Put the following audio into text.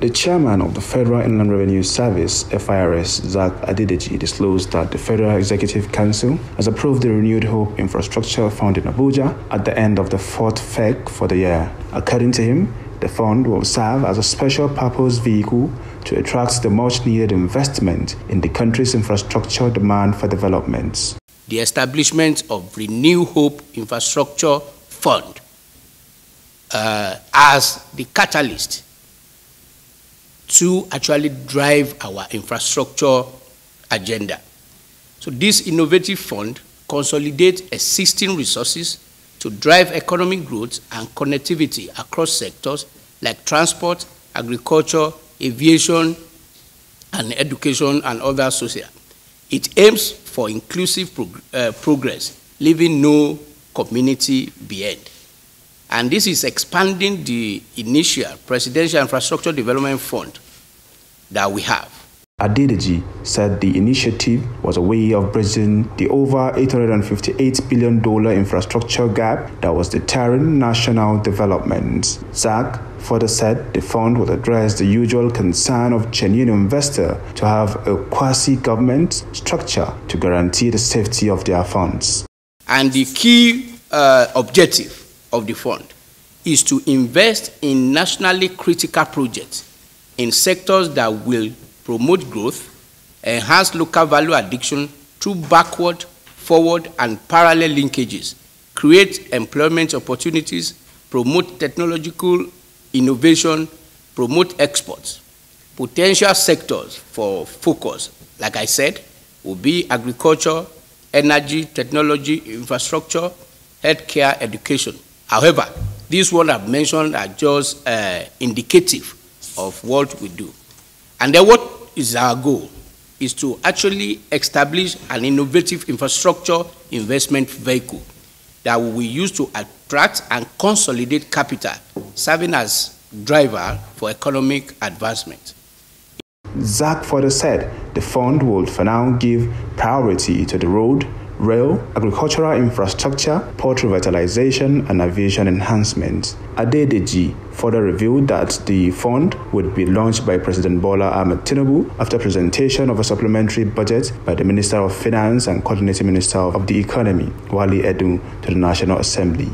The chairman of the Federal Inland Revenue Service, FIRS, Zach Adedeji, disclosed that the Federal Executive Council has approved the Renewed Hope Infrastructure Fund in Abuja at the end of the fourth FEC for the year. According to him, the fund will serve as a special purpose vehicle to attract the much needed investment in the country's infrastructure demand for developments. The establishment of Renew Hope Infrastructure Fund uh, as the catalyst to actually drive our infrastructure agenda. So this innovative fund consolidates existing resources to drive economic growth and connectivity across sectors like transport, agriculture, aviation, and education and other social. It aims for inclusive prog uh, progress, leaving no community behind. And this is expanding the initial Presidential Infrastructure Development Fund that we have. Adedeji said the initiative was a way of bridging the over $858 billion infrastructure gap that was deterring national development. Zach further said the fund would address the usual concern of genuine investor to have a quasi-government structure to guarantee the safety of their funds. And the key uh, objective of the fund is to invest in nationally critical projects in sectors that will promote growth, enhance local value addiction through backward, forward, and parallel linkages, create employment opportunities, promote technological innovation, promote exports. Potential sectors for focus, like I said, will be agriculture, energy, technology, infrastructure, healthcare, education. However, these ones I've mentioned are just uh, indicative of what we do. And then what is our goal? Is to actually establish an innovative infrastructure investment vehicle that we use to attract and consolidate capital, serving as driver for economic advancement. Zach further said the fund would for now give priority to the road, rail, agricultural infrastructure, port revitalization, and aviation enhancements. Adedeji further revealed that the fund would be launched by President Bola Ahmed Tinubu after presentation of a supplementary budget by the Minister of Finance and Coordinating Minister of the Economy, Wali Edu, to the National Assembly.